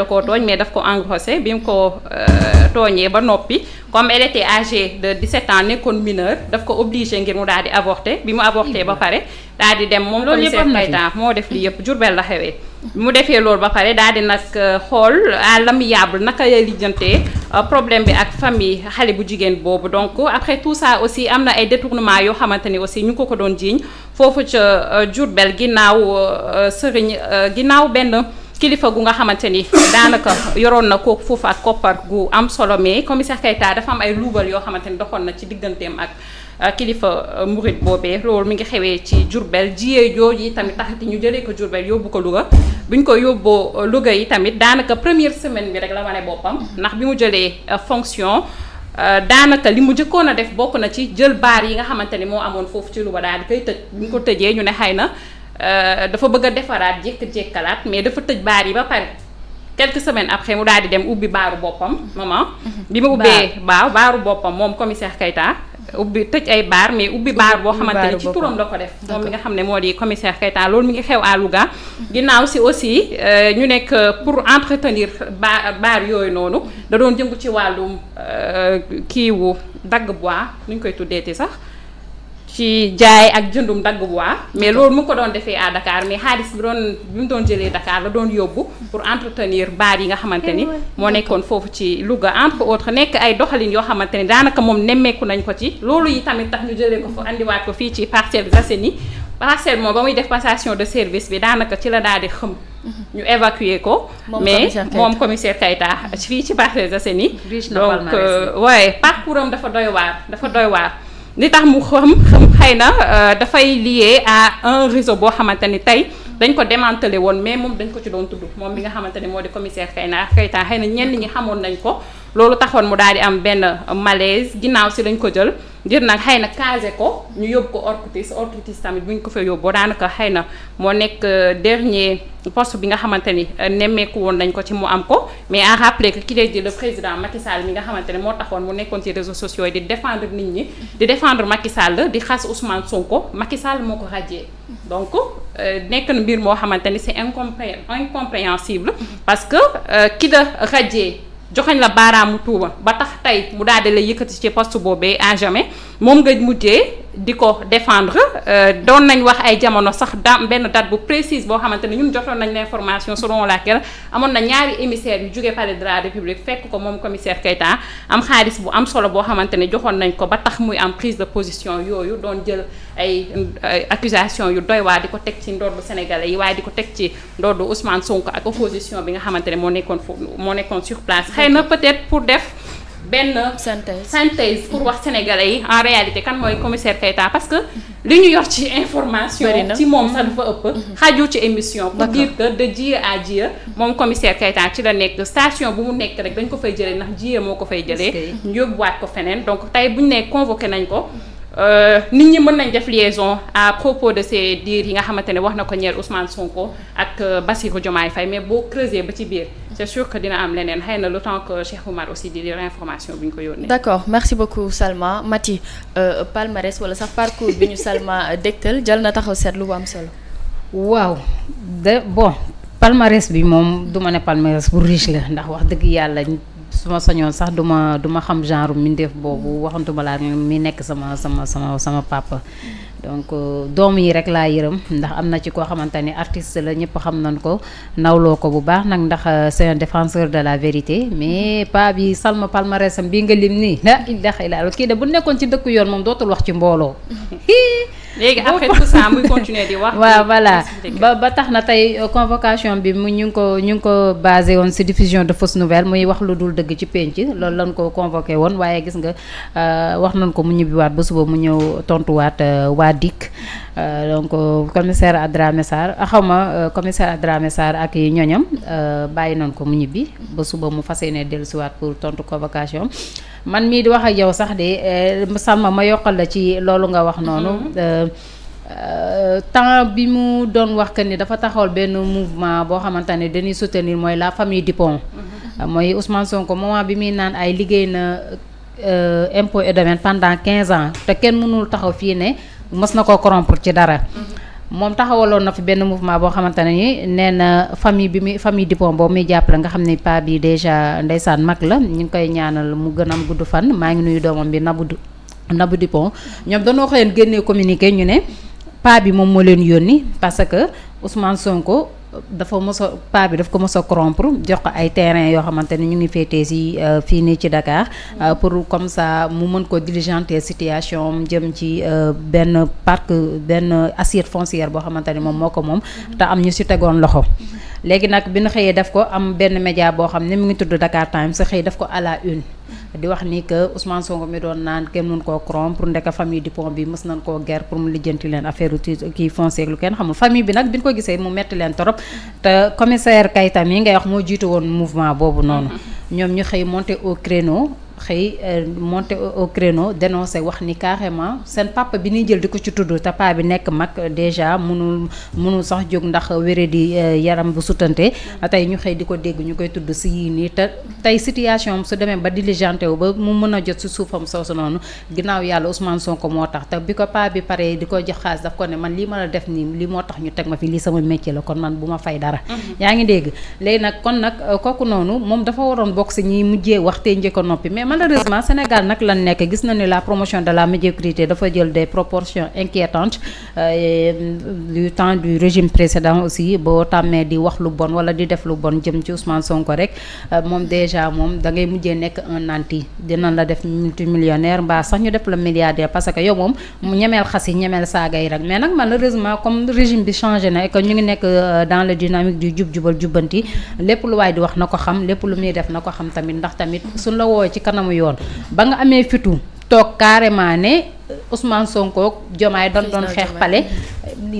da koo tooñ mais daf ko engrossé bi mu ko euh, tooñee ba noppi comme elle était de 17 ans nekkoon mineur daf ko obligé ngir mu daal di avorté bi mu avorté ba pare daal di dem moom commissaire Keita moo def li yëpp Jurbel la xewee bi mu defee loolu ba pare daal di nag euh, xool à l'amiable naka lay euh, problème bi ak famille xale bu jigéen boobu donc après tout ça aussi am na ay détournement yoo xamante ni aussi ñu ko ko doon jiiñ foofu ca Jurbel ginnaaw sëriñ ginnaaw benn kilifa gu nga xamante ni daanaka yoroon na kooku foofu ak koppar gu am solo mais commissaire Keita dafa am ay luubal yoo xamante ni doxoon na ci digganteem ak euh, kilifa euh, murit boobee loolu mi ngi xewee ci Jurbel jiyee jooju yi tamit taxati ñu jëlee ko Jurbel yóbbu ko Louga bu ñu ko yóbboo euh, Louga yi tamit daanaka première semaine bi rek la wane boppam ndax bi mu jëlee fonction daanaka li mu njëkkoon a def bokk na ci jël baar yi nga xamante ni moo amoon foofu ci Louga daal di koy tëj ñu ko tëjee ñu ne xëy na Euh, dafa bëgg a defaraat jékk-jékkalaat mais dafa tëj baar yi ba pare quelques semaine après mu daal di dem ubbi baaru boppam maman mhm. bi ma ubbee baaw baaru boppam moom commissaire Keita ubbi tëj ay baar mais ubbi baar boo xamante ni ci turam da ko def moom bi nga xam ne moo di commissaire Keita loolu mi ngi xew à mhm. ginnaaw si aussi euh, ñu nekk euh, pour entretenir ba baar yooyu noonu da doon jëngu ci wàllum kiiwu dagg bois nu ñu koy tuddee tuddeeti sax ci jaay ak jëndum dagg bu waa mais loolu mu ko doon defee à Dakar mais xaalis bi doon bi mu doon jëlee dakaar la doon yóbbu pour entretenir baat yi nga xamante ni eh moo nekkoon foofu ci Louga entre autres nekk ay doxalin yoo xamante ni daanaka moom nemmeeku nañ ko ci loolu yi tamit tax ñu jëlee ko fa andiwaat ko fii ci Parcelles Assainies parcelle moom ba muy def passation de service bi daanaka ci la daal di xëm ñu évacuer ko mais moom commissaire Keita fii ci Parcelles Assainies donc waaye euh, parcours am dafa doy waar dafa doy waar li tax mu xam xam xëy na euh, dafay lié à un réseau boo xamante ni tey dañ ko démantelé woon mais moom dañ ko ci doon tudd moom mi nga xamante ni moo di commissaire Keïna ak Keïta xëy na ñenn ñi xamoon nañ ko loolu taxoon mu daal di am benn malaise ginnaaw si lañ ko jël jër nag xëy na casé ko ñu yóbbu ko orcutis orcutis tamit bi ñu ko fa yóbboo daanaka xëy na moo nekk euh, dernier poste bi nga xamante ni euh, nemmeeku woon nañ ko ci mu am ko mais à rappeler que ki lay di le président Macky Sall nga xamante ne moo taxoon mu nekkoon ci réseaux sociaux yi di défendre nit ñi di défendre Macky Sall di xas Ousmane Sonko Macky Sall moo ko ràjjee donc euh, nekk na mbir moo xamante ni c'est incompré incompréhensible parce que ki la ràjjee joxañ la baaraamu tuuba ba tax tey mu daal di la yëkkati ci poste boobee à jamais moom nga mujjee di ko défendre euh, doon nañ wax ay jamono sax dam benn date bu précise boo xamante ne ñun jotoon nañ l'information selon laquelle amoon na ñaari émissaires yu jógee palais de la république fekk ko moom commissaire Keita am xaalis bu am solo boo xamante ne joxoon nañ ko ba tax muy am prise de position yooyu doon jël ay accusation yu doy waa di ko teg ci ndoddu sénégalais yi waaye di ko teg ci ndoddu Ousmane Sonko ak opposition bi nga xamante ne moo nekkoon fu moo nekkoon sur place xëy na peut-être pour def benn synthèse synthèse pour mm-hmm. wax sénégalais yi en réalité kan mooy commissaire Keita parce que mm-hmm. li ñu yor ci information ci moom sax dafa ëpp mm-hmm. xaaju ci émission pour dire que de jiye à jiye moom commissaire Keita ci la nekk station bu mu nekk rek dañ ko fay jëlee ndax jiye moo ko fay jëlee ñu yóbbuwaat ko feneen donc tey bu ñu ne convoqué nañ ko euh, nit ñi mën nañ def liaison à propos de ces dires yi nga xamante ne wax na ko ñeer Ousmane Sonko ak euh, Bassirou Diomaye fay mais boo creuser ba ci biir c'est sûr que dina am leneen xëy na le temps que Cheikh Oumar aussi di lire information bi ñu ko yónnee. d'accord merci beaucoup Salma Mati euh, palmarès wala sax parcours bi ñu Salma euh, dégtal jël na taxaw seetlu bu am solo. waaw de bon palmarès bi moom du ma ne palmarès bu riche la ndax wax dëgg yàlla. su ma sañoon sax du ma du xam genre mbindeef boobu waxantuma laa mi nekk sama sama sama sama papa donc euh, doom yi rek laa yërëm ndax am na ci koo xamante ni artiste la ñëpp xam nañ ko nawloo ko bu baax nag ndax euh, c'est un de la vérité mais pa bi salma palmarèsam bii nga lim nii la ilaha illa kii de bu nekkoon ci dëkk yoon moom dootul wax ci mbooloo léegi après tout muy continuer di wax. waaw ba ba tax na tey euh, convocation bi mu ñu ngi ko ñu ngi ko basé woon si diffusion de fausse nouvelle muy wax lu dul dëgg ci penc loolu lañ ko convoqué woon waaye gis nga euh, wax nañ ko mu ñibbiwaat ba suba mu ñëw tontuwaat euh, waa dikk donc commissaire Adramé Sarr xaw ma commissaire Adramé Sarr ak yi ñoñam bàyyi nañ ko mu ñibbi ba suba mu fas yéene dellusiwaat pour tontu convocation. man mii di wax ak yow sax de eh, sàmm ma yokkal la ci loolu nga wax noonu. Mhm. Euh, euh, temps bi mu doon wax que ni dafa taxawal benn mouvement boo xamante ne dañuy soutenir mooy la famille Dupont. Mhm. Euh, mooy Ousmane Sonko moment bi muy naan ay liggéey na impôt de domaine pendant quinze ans te kenn mënul taxaw fii ne mës na ko corrompre ci dara. Mhm. moom taxawaloon na fi benn mouvement boo xamante ne ni nee na famille bi muy famille Dupont boobu muy jàppale nga xam ne paa bi dèjà ndeysaan mag la ñu ngi koy ñaanal mu gën a am gudd fan maa ngi nuyu doomam bi nabu Nabou Dupont ñoom dañoo xëyoon génnee communiqué ñu ne paa bi moom moo leen yónni parce que Ousmane Sonko. dafa mos a bi daf ko mos a jox ko ay terrain yoo xamante ni ñu ngi féetee si euh, fii nii ci Dakar euh, pour comme ça mu mën ko diligenter situation jëm ci euh, benn parc benn assiette foncière boo xamante ni moom moo ko moom te am ñu si tegoon loxo léegi nag bi ñu xëyee daf ko am benn média boo xam ne mu ngi tudd Dakar Times xëy daf ko àlla la une di wax ni que Ousmane Sonko mi doon naan kenn mun koo corrompre ndeka famille Dupont bi mës na koo ger pour mu lijjanti leen affaire kii foncier lu kenn xamul famille bi nag bi ñu ko gisee mu metti leen torop te commissaire Kaytam yi ngay wax moo jiitu woon mouvement boobu noonu mm-hmm. ñoom ñu xëy monter au créneau xëy euh, monté au créneau dénoncé wax ni carrément seen papa bi ñuy jël di ko ci tudd tapaa bi nekk mag euh, déjà munul munul sax jóg ndax wéré di euh, yaram bu sutante mm. tey ñu xëy di ko dégg ñu koy tudd si nii te tey situation su demee ba diligenté wu ba mu mën a jot si suufam soosu noonu ginnaaw yàlla Ousmane Sonko moo tax te bi ko paa bi paree di ko jox xaalis daf ko ne man lii ma la def nii lii moo tax ñu teg ma fi lii sama métier la kon man bu ma fay dara mm-hmm. yaa malheureusement Sénégal nag lan nekk gis na ni la promotion de la médiocrité dafa jël des proportions inquiétantes euh, euh, du temps du régime précédent aussi boo tàmmee di wax lu bon wala di def lu bon jëm ci Ousmane Sonko rek euh, moom déjà moom da ngay mujjee nekk un anti dinañ la def millionaire mbaa sax ñu def la milliardaire parce que yow moom mu ñemeel xas yi ñemeel saaga yi rek mais nag malheureusement comme régime bi changé na et ñu ngi nekk dans la dynamique du jub jubal jubbanti lépp lu di wax na ko xam lépp lu muy def na ko xam tamit ndax tamit kanamu yoon ba nga amee fitu toog carrément ne euh, Ousmane Sonko Jomaay doon doon xeex pale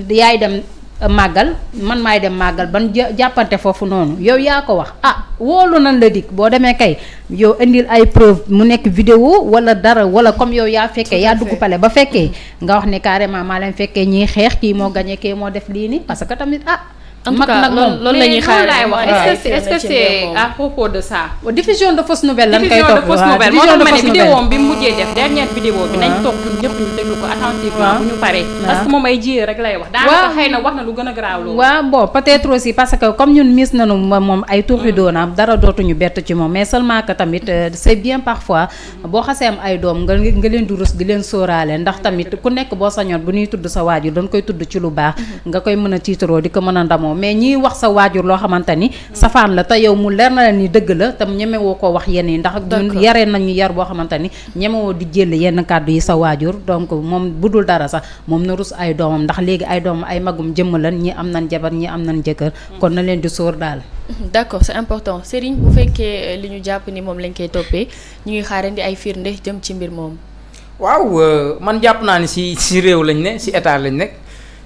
yaay dem euh, màggal man maay dem màggal ban jàppante foofu noonu yow yaa ko wax a ah, woolu nan la dikk boo demee kay yow indil ay preuve mu nekk vidéo wala dara wala comme yow yaa fekkee yaa dugg pale ba fekkee nga wax ne carrément maa leen fekkee ñiy xeex kii moo gañe kii moo def lii nii parce tamit ah en tout cas loolu la ñuy xaar wax est-ce que est-ce que c'est à propos de ça. diffusion de fausse nouvelle lan koy topp waaw diffusion de fausse nouvelle moo tax ma ne vidéo bi mu mujjee def dernière vidéo bi nañ toog ñun ñëpp ñu déglu ko attentivement bu ñu paree. parce que moom ay jiyee rek lay wax. daanaka xëy na wax na lu gën a garaaw loolu. waaw bon peut-être aussi parce que comme ñun mis nañu moom ay tuuxi mm. doonaam dara dootuñu bett ci moom mais seulement que tamit euh, c'est bien parfois boo xasee am ay doom nga nga leen di rus di leen sóoraale ndax tamit ku nekk boo sañoon bu ñuy tudd sa waajur dañ koy tudd ci lu baax mm-hmm. nga koy mën a tiitaroo di ko mën a ndamoo mais ñiy wax sa waajur loo xamante ni safaan la te yow mu leer na la ni dëgg la tam ñemewoo koo wax yenn yi ndax ñun yaree ñu yar boo xamante ni ñemewoo di jël yenn kàddu yi sa waajur donc moom bu dul dara sax moom na rus ay doomam ndax léegi ay doomam ay magum jëmm lan ñi am nañ jabar ñi am nañ jëkkër kon na leen di sóor daal d'accord c'est important Serigne bu fekkee li ñu jàpp ni moom lañ koy toppee ñu ngi xaarandi ay firnde jëm ci mbir moom waaw euh, man jàpp naa ni si si réew lañ ne si état lañ nekk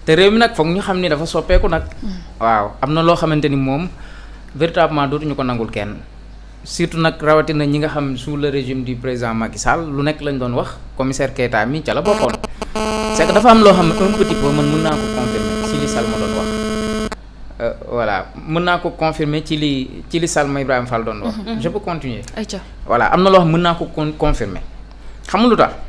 te réew mi nag foog ñu xam ni dafa soppeeku nag. waaw am na loo xamante ni moom véritablement dootuñu ko nangul kenn. surtout nag rawatina ñi nga xam sous le régime du président Macky Sall lu nekk lañu doon wax commissaire Keita mi ca la bokkoon. c'est dafa am loo xam ne un petit peu man mën naa ko confirmer ci li euh, voilà mën naa ko confirmer ci li ci li Salma Ibrahima Fall doon wax. Mhm. je peux continuer. voilà am na loo xam mën naa ko confirmer xam nga lu tax